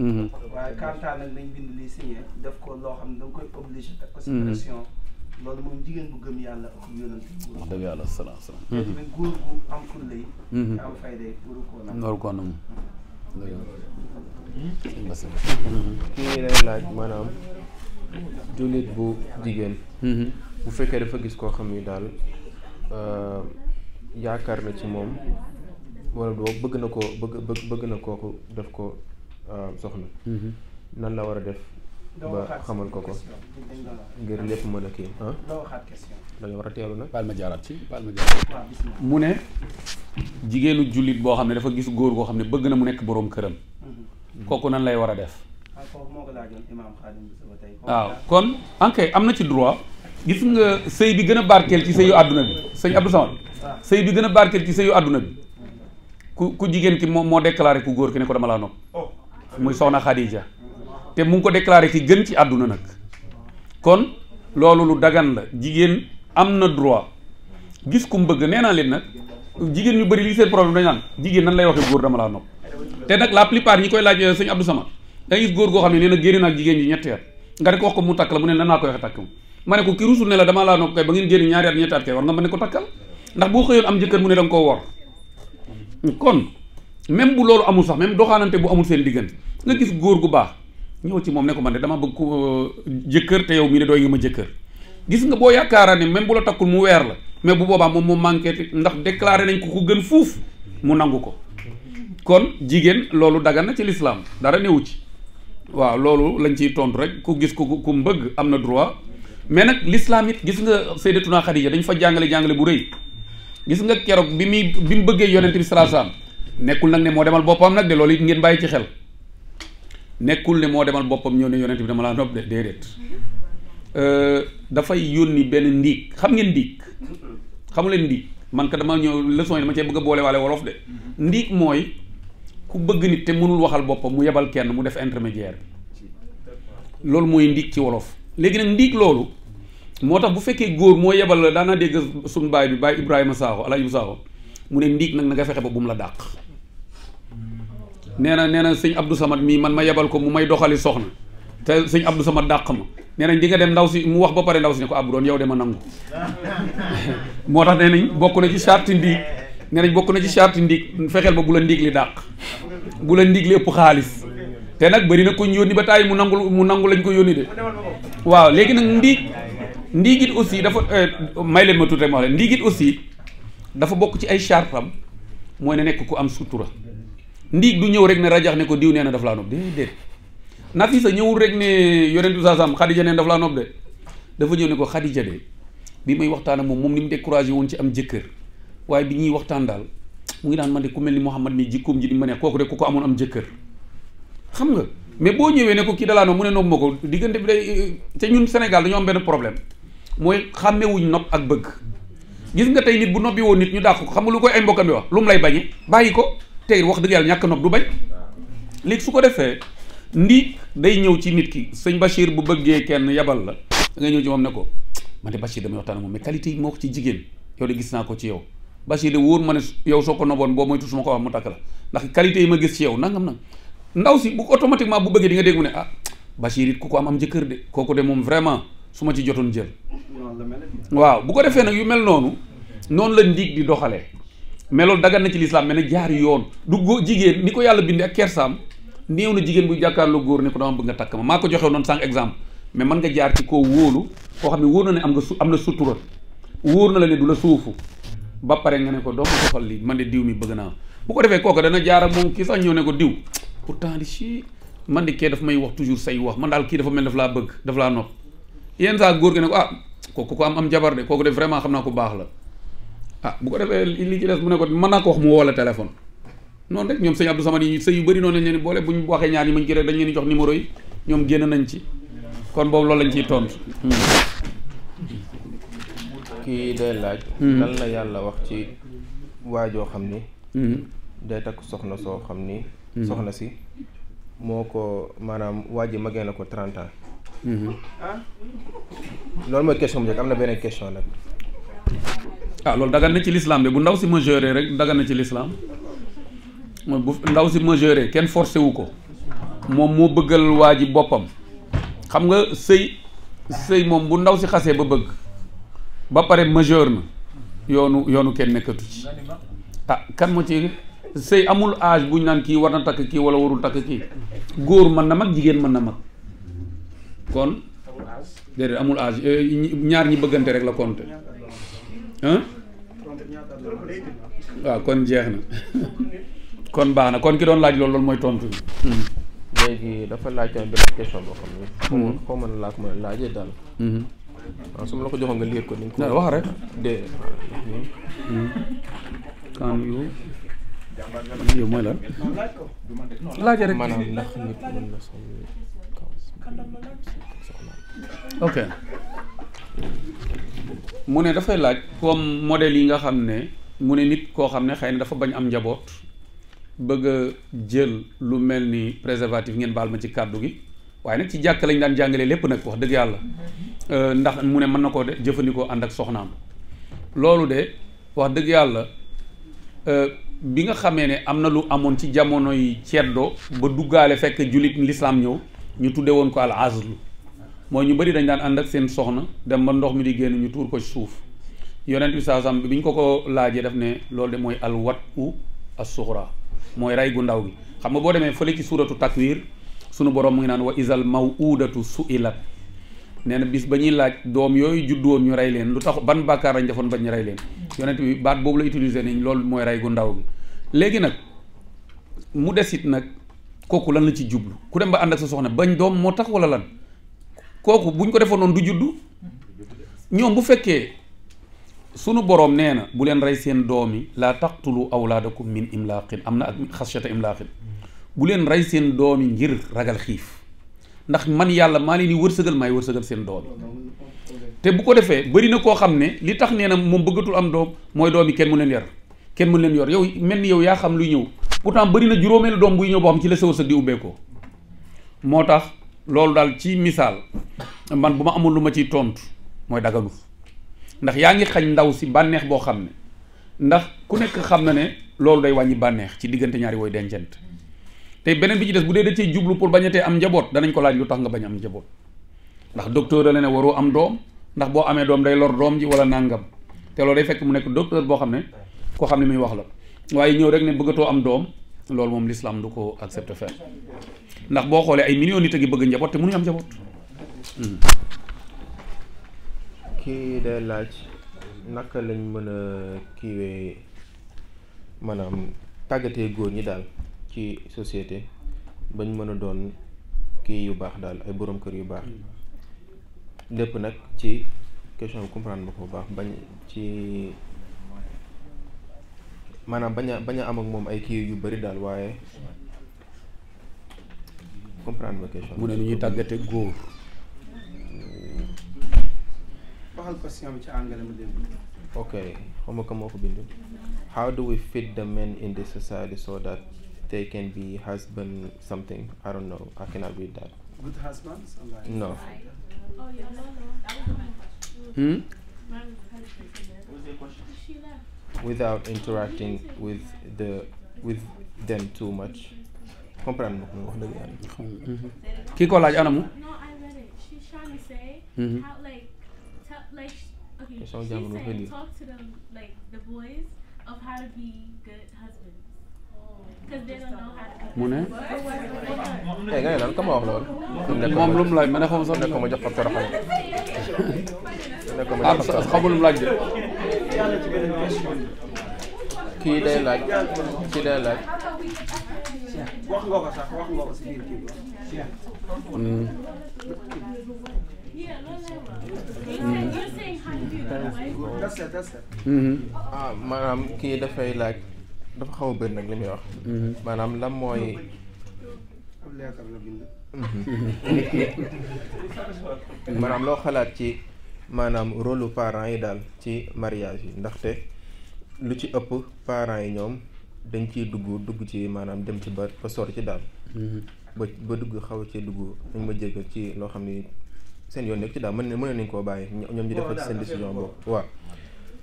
waaye não nag nañ bind lii signé def ko loo xam ne da nga koy obligé. teg ko si pression. loolu moom jigéen bu gëm yàlla ak yonent bi. wax dëgg yàlla salaam salaam. te tamit góor gu am fulla yi. te am fayda yi waru koo nam. waru koo o que lay laaj maanaam jullit bu jigéen. bu fekkee dafa gis koo xam ni daal. Uh, yaakaar na ci moom wala boo bëgg na ko bëgg bëgg na kooku def ko euh, soxna mhm. nan la war a def ba xamal ko ko ngir lépp mën ah? war a teelu nag baal ma jaaraat ci mu ne jigéenu jullit boo xam ne dafa gis góor goo xam ne bëgg na mu nekk boroom këram mhm. kooku nan lay war a def ah, waaw kon ankay am na ci droit gis nga sey bi gëna barkel barkeel ci sëyu aduna bi seigne Abdou Samad sey bi gëna barkel ci sëyu aduna bi ku ku jigen ki mo déclarer ku goor ki ne ko dama la nopp muy soxna Khadija té mu ngi ko déclarer ki gën ci aduna nak kon loolu lu dagan la jigen amna droit gis ku mbeug bëgg nee naa leen nag jigéen ñu bari li seen problème dañ nan jigen nan lay waxe goor dama la nopp té nak la plupart ñi koy laaj euh, seigne Abdou Samad da gis goor go gëri na jigen ñi ñett nga rek wax ko mu tak la mu ne koy mané ko ki rusul né la dama la nok kay ba ngeen génn ñaari at at kay war nga mané ko takkal ndax bo xeyon am jëkkër mu né dang ko wor kon même bu lolu amul sax même doxanante bu amul seen digën nga gis goor gu baax ñew ci mom né ko man de dama bëgg ko jëkkër yow mi né dooy nga ma jëkkër gis nga bo yaakaara ne même bu la takkul mu wër la mais bu boba mom mo manké ndax déclarer nañ ko ku gën fouf mu nangu kon jigen lolu dagan na ci l'islam dara newu ci waaw lolu lañ ci tontu rek ku gis ku ku mbeug am droit mais nak l'islam gis nga Sayyidatuna Khadija dañ fa jangale jangale bu reuy gis nga kérok bi mi bi mu sallallahu alayhi wasallam nekul nak ne mo démal bopam nak de loolu it ngeen bayyi ci xel nekul ne mo démal bopam ñoo ne yonent bi dama la nopp euh da fay yoni ben ndik xam ngeen ndik xamul leen ndik man ka dama ñëw leçon yi dama cey bëgg boole walé wolof de ndik moy, ku bëgg nit té mënul waxal bopam mu yebal kenn mu def intermédiaire bi moy ndik ci wolof légui nak ndik loolu moo tax bu fekkee góor moo yebal la daanaa dégg suñu baay bi baay Ibrahima Sakho Alaaji Sakho mu ne ndiig nag na nga fexe ba bu mu la dàq nee na nee na sëñ Abdou Samad mii man ma yebal ko mu may doxali soxna te sëñ Abdou Samad dàq ma nee nañ di dem ndaw si mu wax ba pare ndaw si ne ko abbu doon yow dema ma nangu moo tax nee nañ bokk na ci charte ndiig nee bokk na ci charte ndiig fexeel ba bu la ndiig li dàq bu la ndiig li ëpp xaalis te nag bëri na ko ñu yónni ba tàyyi mu nangul mu nangu lañ ko yónni ndiigit aussi dafa euh, may leen ma tuuti rek ma leen ndiigit aussi dafa bokk ci ay chartam mooy ne nekk ku am sutura ndiig du ñëw rek ne rajax ne ko diw nee na daf laa nopp déedéet Nafisa ñëwul rek ne yonentu saasam Xadija neen daf laa nopp dafa ñëw ne ko Xadija de bi may waxtaan ak moom moom ni mu découragé ci am jëkkër waaye bi ñuy waxtaan daal mu ngi naan man de ku mel ni Mouhamad mi jikkoom ji di ma ne rek ku ko amoon am jëkkër xam nga mais boo ñëwee ne ko kii dalaa nopp mu ne nopp ma ko diggante bi day te ñun Sénégal dañoo am benn problème mooy xàmmewuñ nopp ak bëgg gis nga tey nit bu noppi woon nit ñu dàq ko xam nga lu koy ay mbokkam bi wax lu mu lay bañe bàyyi ko tey wax dëgg ñàkk nopp du bañ léegi su ko defee ndi day ñëw ci nit ki sëñ Bachir bu bëggee kenn yabal la da nga ñëw ci moom ne ko man de Bachir damay waxtaan yi ma wax ci jigéen yow de gis naa ko ci yow Bachir de wóor ma ne yow soo ko noboon boo moytu su ma ko am mu takk la ndax qualité yi ma gis ci yow nangam nag ndaw si bu automatiquement bu bëggee di nga dégg mu ah, ku ko am jëkkër de kooku de moom vraiment su ma ci jotoon jël waaw bu ko defee nag yu mel noonu noonu la ndiig di doxalee mais loolu dagan na ci lislaam mais nag jaar yoon du góor jigéen ni ko yàlla bindee ak kersaam néew na jigéen buy jàkkaarloo góor ne ko dama bëgg nga takk ma maa ko joxew noonu sànq exemple mais mën nga jaar ci koo wóolu koo xam ne wóor na ne am nga su am na sutura wóor na la ne du la suufu ba pare nga ne ko dooma doxal li man de diw mi bëgg naa bu ko defee kooku dana jaar ak moom kii sax ñëw ne ko diw pourtant di si man de kee daf may wax toujours say wax man daal kii dafa mel daf laa bëgg daf laa nopp yeen saa goor gi ne ko ah ko ko am am jabar de kooku de vraiment xamna ko bax la ah bu ko defee li ci dess mu ne ko man nako wax mu woo la téléphone noonu rek ñom seigne Abdou Samad yi sëy yu bëri lañ leen boole buñ ñu ñaar yi mañ ci rek dañ leen jox numéro yi ñom génn nañ ci kon bobu loolu lañ ci tont hmm. kii de laaj. Hmm. lan la yalla wax ci waajo xamni ni. Hmm. day tak soxna so xamni ni. soxna si moko manam waji waa ko 30 ans. Mm-hmm. loolu mooy question bi njëkk am na beneen question nag. ah loolu dagan na ci lislaam de bu ndaw si majeure rek dagan na ci lislaam mooy bu ndaw si majeure kenn forcé wu ko moom moo bëggal waa ji boppam xam nga sëy sëy moom bu ndaw si xasee ba bëgg ba pare majeure na yoonu yoonu kenn nekkatu ci ah kan moo ci sëy amul age bu naan kii war na takk kii wala warul takk kii góor mën na mag jigéen mën na mag kon dede amul âge euh, ñaar ñi bëggante rek la compte ah waaw kon jeex na kon baax na kon ki doon laaj loolu loolu mooy tontu bi hmm. léegi dafa laaj tamit benn question bo xamni ko hmm. man la ko mën a laajee daal waaw hmm. ah, la ko joxo nga liir ko ni ko wax rek de kan yu yow mooy la laajee rek manam ndax nit mën na ok mune ne dafay laaj comme modèle yi nga xam ne mu ne nit koo xam ne xëy na dafa bañ am njaboot bëgg a jël lu mel ni préservatif ngeen baal ma ci kàddu gi waaye nag ci jàkk lañ daan jàngalee lépp nag wax dëgg yàlla euh, ndax mu ne mën na koo de jëfandikoo ànd ak soxnaam loolu de wax dëgg yàlla euh, bi nga xamee ne am na lu amoon ci jamono yi ceddoo ba duggaale fekk jullit lislaam ñëw ñu tudde woon ko al azlu mooy ñu bari dañ daan ànd ak seen soxna dem ba ndox mi di génn ñu tuur ko ci suuf yonent bi saa sam bi ñu ko ko laajee daf ne loolu de mooy al wat u assuxra mooy rey gu ndaw gi xam nga boo demee fële ci suuratu takwir sunu borom mu ngi naan wa isal mawuudatu suilat nee na bis ba ñuy laaj doom yooyu juddu woon ñu rey leen lu tax ban bàkkaar lañ defoon ba ñu rey leen yonent bi baat boobu la utiliser nañ loolu mooy rey gu ndaw gi léegi nag kooku lan la ci jublu ku dem ba ànd ak sa soxna bañ doom moo tax wala lan kooku buñ ko defoon noonu du juddu ñoom bu fekkee sunu boroom nee na bu leen rey seen doom yi laa taqtulu awlaadakum min imlaaqin am na ak xasiyata imlaaqin bu leen rey seen doom yi ngir ragal xiif ndax man yàlla maa leen di wërsëgal maay wërsëgal seen doom te bu ko defee bëri na koo xam ne li tax nee na moom bëggatul am doom mooy doom yi kenn mu leen yar kenn mu leen yor yow mel ni yow yaa xam luy ñëw pourtant bëri na juróomeelu doom buy ñëw boo xam ci la sa wërsëg di ubbeekoo moo tax loolu daal ci misaal man bu ma amul lu ma ciy tontu mooy daganu ndax yaa ngi xañ ndaw si bànneex boo xam ne ndax ku nekk xam na ne loolu day wàññi bànneex ci diggante ñaari wooy dencent te beneen bi ci des bu dee da cee jublu pour bañatee am njaboot danañ ko laaj lu tax nga bañ am njaboot ndax docteur da la ne waru am doom ndax boo amee doom day lor doom ji wala nàngam te loolu day fekk mu nekk docteur boo xam ne koo xam ne muy wax la waaye ñëw rek ne bëggatoo am doom loolu moom l'islam du ko accepté faire ndax boo xoolee ay million nit a ngi bëgg njaboot te mënuñu am njaboot. Hmm. kii day laaj naka lañ mën a kiiwee maanaam tàggatee góor ñi daal ci societé bañ mën a doon kii yu baax daal ay borom kër yu baax hmm. lépp nag ci question bi comprendre nga ko bu baax bañ ci. am ak ay yu comprendre ma question. ñuy góor. waxal ci anglais ma ok how do we fit the men in this society so that they can be husband something I don't know I cannot read that. good husbands like no. Oh, hmm? What was your question? without interacting with the with them too much comprendre nga wax dëgg yàlla. Mm-hmm. kii ko laaj anamu. question jàmm lu ko lii. mu ne. eh nga ne lan ka ma wax lool. moom lu mu laaj ma ne xaw ma sax ne ko ma jox ko toroxal. ne ko ma jox ko toroxal ah xamul lu mu laaj de. kii day laaj kii day laaj. wax mm. Mm. Mm-hmm. Ah, kii dafay laaj dafa xaw a bëri nag li muy wax. Mm-hmm. maanaam lan mooy. Mm-hmm. maanaam loo xalaat ci. maanaam rôle lu parents yi daal ci mariage yi ndaxte lu ci ëpp parents yi ñoom dañ ciy dugg dugg ci maanaam dem ci ba ba sor ci daal. Mm-hmm. ba ba dugg xaw ci dugg dañ ma jéggal ci loo xam ni seen yoon nekk ci daal mën mën nañ koo bàyyi ñoom ñu defal ci seen décision boobu waaw.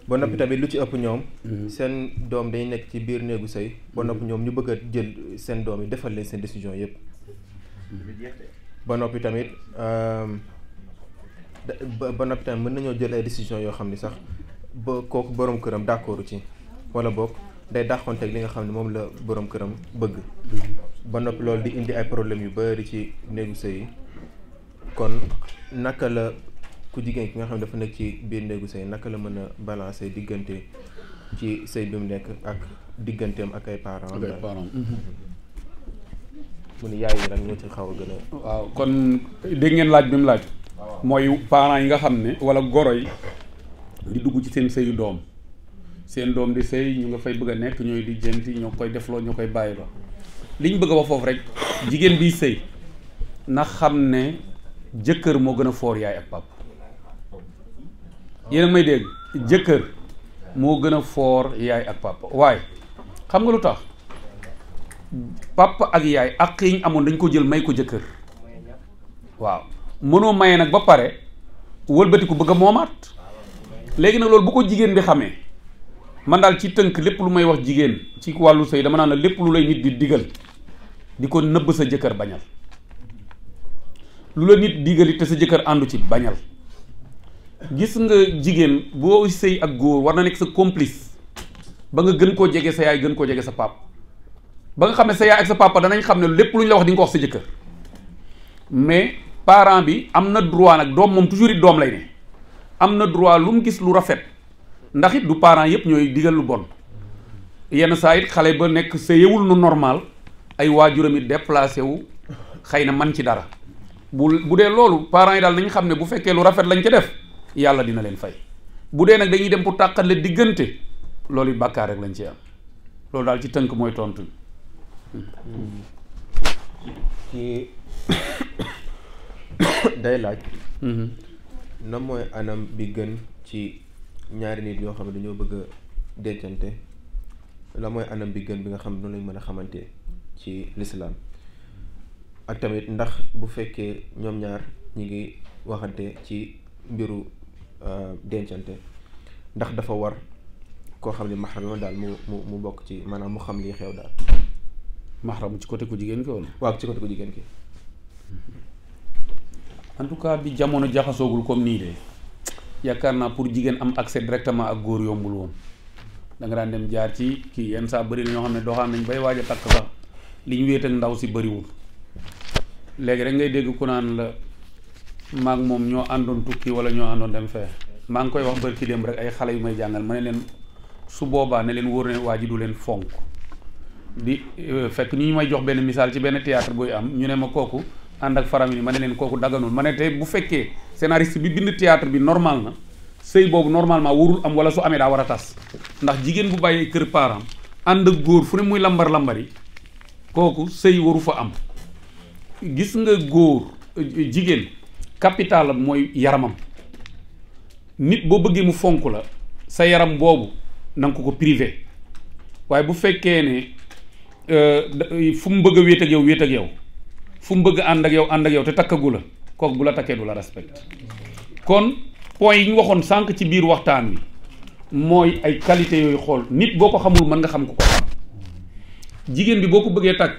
ba noppi tamit lu ci ëpp ñoom. Mm-hmm. seen doom day nekk ci biir néegu sëy ba mm-hmm. ñoom ñu bëgg a jël seen doom yi defal leen seen décision yëpp. ba noppi tamit. Euh, ba noppi tamit mën nañoo jël ay décision yoo xam ni sax ba kooku boroom këram d'accord ci wala boog day dàqonteeg li nga xam ne moom la boroom këram bëgg ba noppi loolu di indi ay problème yu bari ci néegu sëy kon naka la ku jigéen ki nga xam ne dafa nekk ci biir néegu sëy naka la mën a balancer diggante ci sëy bi mu nekk ak digganteem ak ay parent ak ay parents mu ni yaay yi nag ñoo ci xaw a gën a waaw kon dégg ngeen laaj bi mu laaj mooy parents yi nga xam ne wala goro yi di dugg ci seen sëyu doom seen doom di sëy ñu nga fay bëgg a nekk ñooy di jënti ñoo koy defloo ñoo koy bàyyi ba liñ bëgg a wax foofu rek jigéen biy sëy na xam ne jëkkër moo gën a foor yaay ak pap may dégg jëkkër moo gën a foor yaay ak papa waaye xam nga lu tax papa ak yaay ak yi ñu amoon dañ ko jël may ko jëkkër waaw mënoo maye nag ba pare wëlbati ko bëgg a moomaat léegi nag loolu bu ko jigéen bi xamee man daal ci tënk lépp lu may wax jigéen ci wàllu sëy dama naan la lu lay nit di digal di ko nëbb sa jëkkër bañal lu la nit digali te sa jëkkër àndu ci bañal gis nga jigéen boo sëy ak góor war na nekk sa complice ba nga gën koo jege sa yaay gën koo jege sa papa ba nga xam sa yaay ak sa papa danañ xam ne lépp lu ñu la wax di nga wax sa jëkkër mais parent bi amna droit nak dom mom toujours it doom lay ne amna droit lu mu gis lu rafet ndax it du parent yep ñoy digal lu bon yenn saa it ba nu normal ay wajuram it déplacer wu xeyna man ci dara bu bu dee parents yi dal nañ xamné ne bu féké lu rafet lañ ci def yalla dina leen fay bu dee dañuy dem pour takal le Loli lolu bakkar rek lañ ci am lolu dal ci teunk moy tontu day laaj mm-hmm. na mooy anam bi gën ci ñaari nit yoo xam ne dañoo bëgg a dencante la mooy anam bi gën bi nga xam ne noonu lañ mën a xamante ci lislaam ak tamit ndax bu fekkee ñoom ñaar ñi ngi waxante ci mbiru euh, dencante ndax dafa war koo xam ne maxram daal mu mu mu bokk ci maanaam mu xam lii xew daal maxram ci côté ku jigéen ki wala waaw ci côté ku jigéen ki mm-hmm. en tout cas bi jamono jaxasoogul comme nii de yaakaar naa pour jigéen am accès directement ak góor yombul woon da nga daan dem jaar ci kii yenn saa bëri ñoo xam ne doxaan nañ bay waaj a takk sax li ñu wéet ndaw si bëriwul léegi rek ngay dégg ku naan la maag moom ñoo àndoon tukki wala ñoo àndoon dem fee maa ngi koy wax bër ki dem rek ay xale yu may jàngal ma ne leen su boobaa ne leen wóor ne waa ji du leen fonk di euh, fekk ñu ñu may jox benn misaal ci benn théâtre buy am ñu ne ma kooku ànd ak faram yi ma ne leen kooku daganul ma ne te bu fekkee scénariste bi bind théâtre bi normal na sëy boobu normalement warul am wala su amee daa war a tas ndax jigéen bu bàyyee kër param ànd ak góor fu ne muy lambar lambari kooku sëy waru fa am gis nga góor jigéen capital mooy yaramam nit boo bëggee mu fonk la sa yaram boobu na ko ko privé waaye bu fekkee ne euh, fu mu bëgg a wéet ak yow wéet ak yow fu mu bëgg ànd ak yow ànd ak yow te takkagu la kooku bu la takkee du la respecte kon point yi ñu waxoon sànq ci biir waxtaan wi mooy ay qualité yooyu xool nit boo ko xamul mën nga xam ko xam jigéen bi boo ko bëggee takk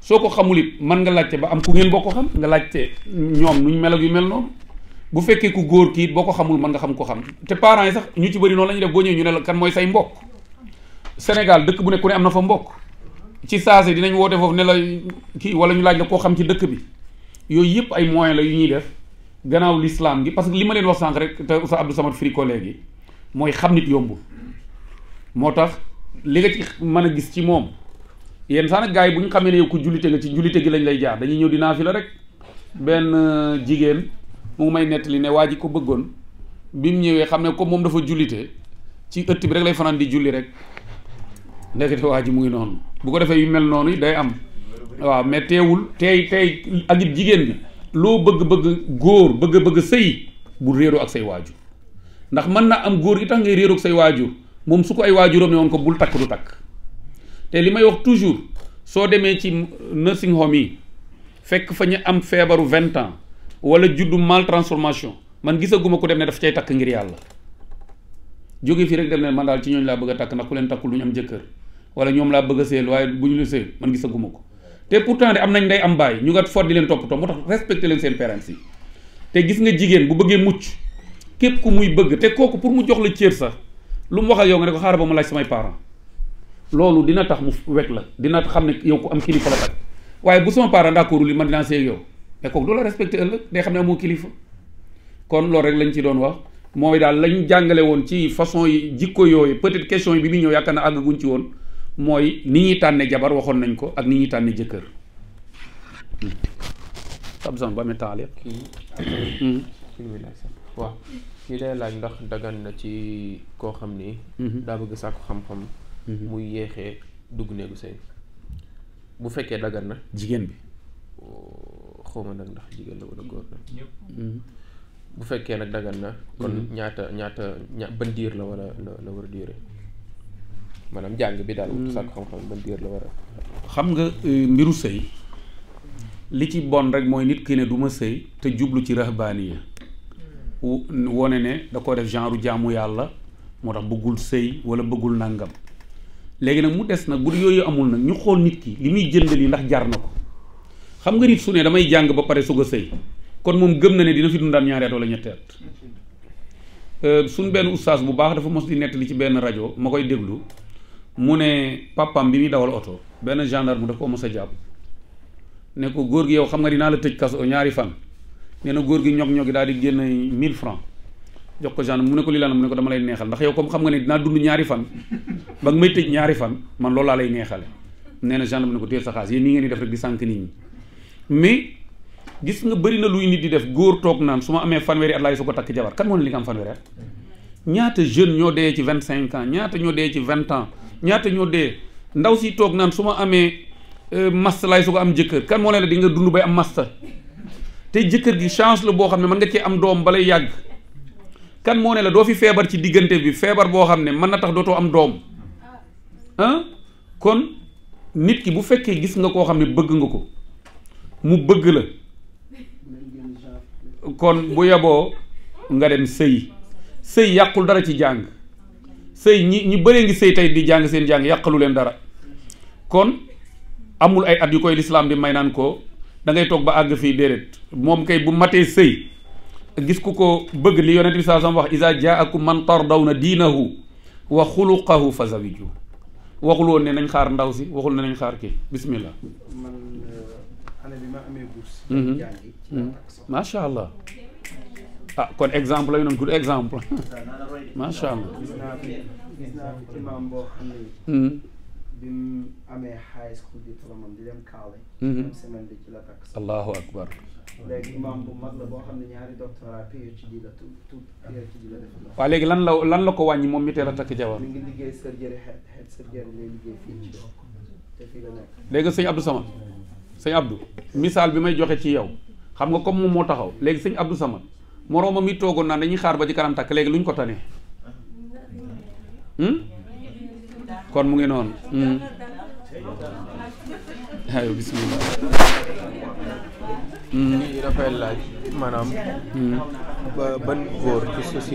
soo ko xamul it mën nga laajte ba am ku ngeen boo xam nga laajte ñoom nuñ mel ak yu mel noonu bu fekkee ku góor kii boo ko xamul mën nga xam ko xam te parent yi sax ñu ci bëri noonu la ñuy def boo ñëwee ñu ne la kan mooy say mbokk Sénégal dëkk bu ne ku ne am na fa mbokk ci saase dinañ woote foofu nelaw la kii wala ñu laaj la koo xam ci dëkk bi yooyu yëpp ay moyens la yu ñuy def gannaaw l'islam gi parce que li ma leen wax sànq rek te Oustaz Abdou Samad Firi ko léegi mooy xam nit yombul moo tax li nga ci mën a gis ci moom yenn saa nag gars yi bu ñu xamee ne yokku ku jullite nga ci jullite gi lañ lay jaar dañuy ñëw fi la rek benn jigéen mu may nettali ne waa ji ko bëggoon bi mu ñëwee xam ne comme moom dafa jullite ci ëtt bi rek lay fanaan di julli rek ndekete waa ji noonu bu ko defee yu mel noonu day am waaw mais teewul tey tey ak it jigéen bi loo bëgg-bëgg góor bëgg-bëgg sëy bu réeroo ak say waajur ndax mën na am góor yi tax ngay say waajur moom su ko ay waajuram ko bul takk du takk te li may wax toujours soo demee ci nursing home yi fekk fa ñu am feebaru vingt ans wala juddu mal transformation man gisaguma ko dem ne dafa cay takk ngir yàlla jóge fii rek dem ne man daal ci ñooñu laa bëgg a takk ndax ku leen takkul lu ñu am jëkkër wala ñom laa bëgg a sëyal waaye bu ñu la sëyal man gisaguma ko te pourtant dé am nañ day am bay ñu nga fot di leen top top motax respecté leen seen parents yi te gis nga jigen bu bëggé mucc képp ku muy bëgg te koku pour mu jox la cër sa lu mu wax ak yow nga ne ko xaar ba ma laaj samay parents lolu dina tax mu wék la dina xam ne yow ko am kilifa la kat waye bu sama parents d'accord li man dina sé ak yow mais kooku do la respecté ëll dé xam ne kilifa kon lool rek lañ ci doon wax moy daal lañ jàngalé won ci façon yi jikko yoy peut-être question yi bi mi ñëw yakana ag guñ ci won moy ni ñi tanne jabar waxon nañ ko ak ni ñi tanne tànne jëkkër zone ba mi taal yëpp wa ki day laaj ndax dagan na ci ko xamni da hmm. daa bëgg sàkku xam-xam hmm. mu yéxé dug neegu sey bu fekkee dagan na jigen bi oh, xoma nak ndax jigen la wala goor la hmm. bu fekkee nak dagan na kon ñaata ñaata bandir la wala la wara a maanaam jàng bi daal wut hmm. sàkk xam-xam ban diir xam nga euh, mbiru sëy li ci bon rek mooy nit ki ne du ma sëy te jublu ci rahbaaniya hmm. wone ne da koo def genre jaamu yàlla moo tax bëggul sëy wala bëggul nàngam léegi nag mu des nag bu yooyu amul nag ñu xool nit ki li muy jënd li ndax jar na ko xam nga nit su ne damay jàng ba pare su ko sëy kon moom gëm na ne dina fi dundaan ñaari at wala ñetti hmm. euh, suñ benn ustaas bu baax dafa mos di nettali ci benn rajo ma koy déglu mune ne papam bi muy dawal auto ben gendarme da ko mossa a ne ko gor gui yow xam nga dina la tejj kasso ñaari fan ne na gor gui ñok ñok daal di génn 1000 francs jox ko gendarme mu ne ko lii lan mu ne ko dama lay neexal ndax yow comme xam nga ni dina dund ñaari fan ba nga may tëj ñaari fan man lool la lay neexale ne na gendarme ne ko téel sa xaas yéen ni ngeen di def rek di sank nit ñi mais gis nga bari na luy nit di def gor tok naan suma amé fanwéri fanweeri at laay su ko takk jabar kan mo ne li nga am fanwéri ñaata jeune ño dee ci 25 ans ñaata ño dee ci 20 ans ñaata ñoo dee ndaw si toog naan su ma amee euh, masta lay su ko am jëkkër kan moo ne la di nga dund bay am masta te jëkkër gi chance la boo xam ne mën nga cee am doom balay yàgg kan moo ne la doo fi feebar ci diggante bi feebar boo xam ne mën na tax dootoo am doom ah kon nit ki bu fekkee gis nga koo xam ne bëgg nga ko mu bëgg la kon bu yeboo nga dem sëy sëy yàqul dara ci jàng sëy ñi ñi bëree ngi sëy tey di jàng seen jàng yàqalu leen dara kon amul ay at yu koy lislaam di may naan ko da ngay toog ba àgg fii déedéet moom kay bu matee sëy gis ku ko bëgg li yonent bi saa sam wax isa jaakum man tardawna diinahu wa xuluqahu fa zawiju waxul woon ne nañ xaar ndaw si waxul ne nañ xaar kii bismillah man euh, mhm. mhm. allah. ah kon exemple la ñu doon exemple macha allah. gis naa fi gis naa fi boo xam hmm. ne. bi mu amee high di dem kaale. la takk. allahu akbar. léegi imam bu mag la boo xam ne ñaari doctorat PhD la tout léegi lan la lan la ko wàññi moom mi teel a takk jabar. liggéey surgery head head léegi sëñ Abdou Samad sëñ Abdou misaal bi may joxe ci yow xam nga comme moom moo taxaw léegi sëñ Abdou Samad. moroomam it toogoon naan dañuy xaar ba ci kanam takk léegi lu ñu ko tane hmm? kon mu ngi noonu hmm. aywa bismillah lii hmm. dafay laaj maanaam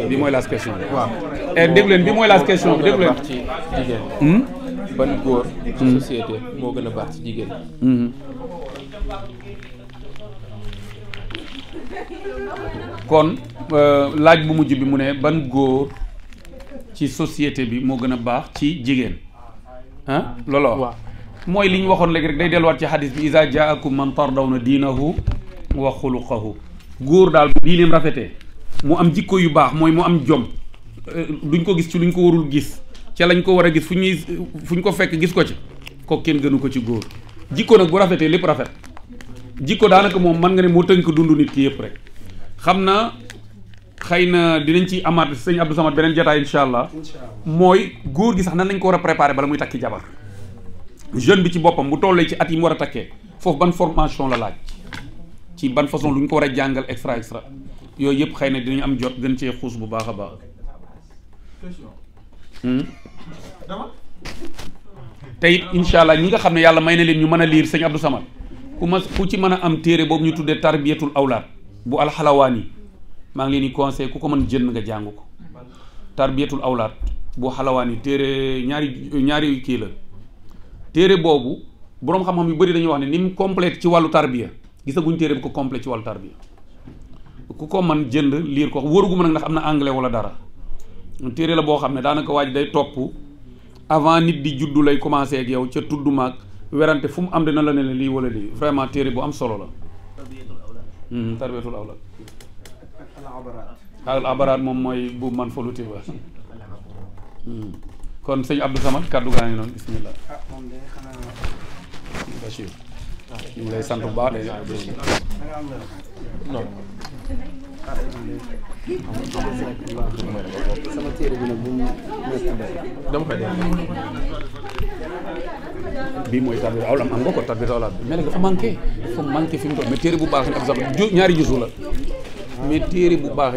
bi mooy laaj question bi waaw eh, bi mooy laaj question bi déglu leen ci jigéen ban góor ci société moo gën a baax ci jigéen kon euh, laaj bu mujj bi mu ne ban goor ci société bi mo gëna baax ci jigen, han Lolo. moy liñ waxon leg rek day delluwaat ci hadith bi iza jaakum man tardawna dinahu wa khuluquhu goor daal bu diineem rafetee mu am jikko yu baax moy mu am jom euh, duñ ko gis ci luñ ko warul gis ci lañ ko wara gis fu fuñ ko fekk gis ko ci ko kenn gënu ko ci goor jikko nak bu rafetee lepp rafet jikko danaka mom man nga ne moo tënk dundu nit ki yep rek xam na xëy na dinañ ci amaat sëñ Abdou Samad beneen jotaay incha allah mooy góor gi sax nan lañ ko war a préparer bala muy takki jabar jeune bi ci boppam bu tollee ci at yi mu war a takkee foofu ban formation la laaj ci ban façon lu ñu ko war a jàngal extra extra yooyu yëpp xëy na dinañ am jot gën cee xuus bu baax a baax. Hmm? te it incha ñi nga xam ne yàlla may na leen ñu mën a liir sëñ Abdou Samad ku ma ku ci mën a am téere boobu ñu tuddee tarbiyatul awlaad bu alxalawaan yi maa ngi leen di conseil ku ko mën jënd nga jàng ko tarbiyatul awlaat boo xalawaan yi téere ñaari ñaari kii la téere boobu boroom xam-xam yu bëri dañuy wax ne ni mu complet ci wàllu tarbiya gisaguñ téere bi ko complète ci wàllu tarbiya ku ko mën jënd liir ko wóoruguma nag ndax am na anglais wala dara téere la boo xam ne daanaka waaj day topp avant nit di juddu lay commencé ak yow ca tudd maag werante fu mu am dina la ne lii wala lii vraiment téere bu am solo la Mm-hmm. tarbiyatul awlaad al abaraat moom mooy bu man fa lu tiiba mm-hmm. kon sëñ Abdou Samad kàddu gaa ngi noonu bismillah ah, Bachir ñu ngi lay sant bu baax de sama téere bi nag bu mu dama koy def bii mooy tarbiya awlaam am nga ko tarbiya awlaam bi mais nag dafa manqué dafa manqué fi mu toll mais téere bu baax ni am sax ñaari jusu la mais téere bu baax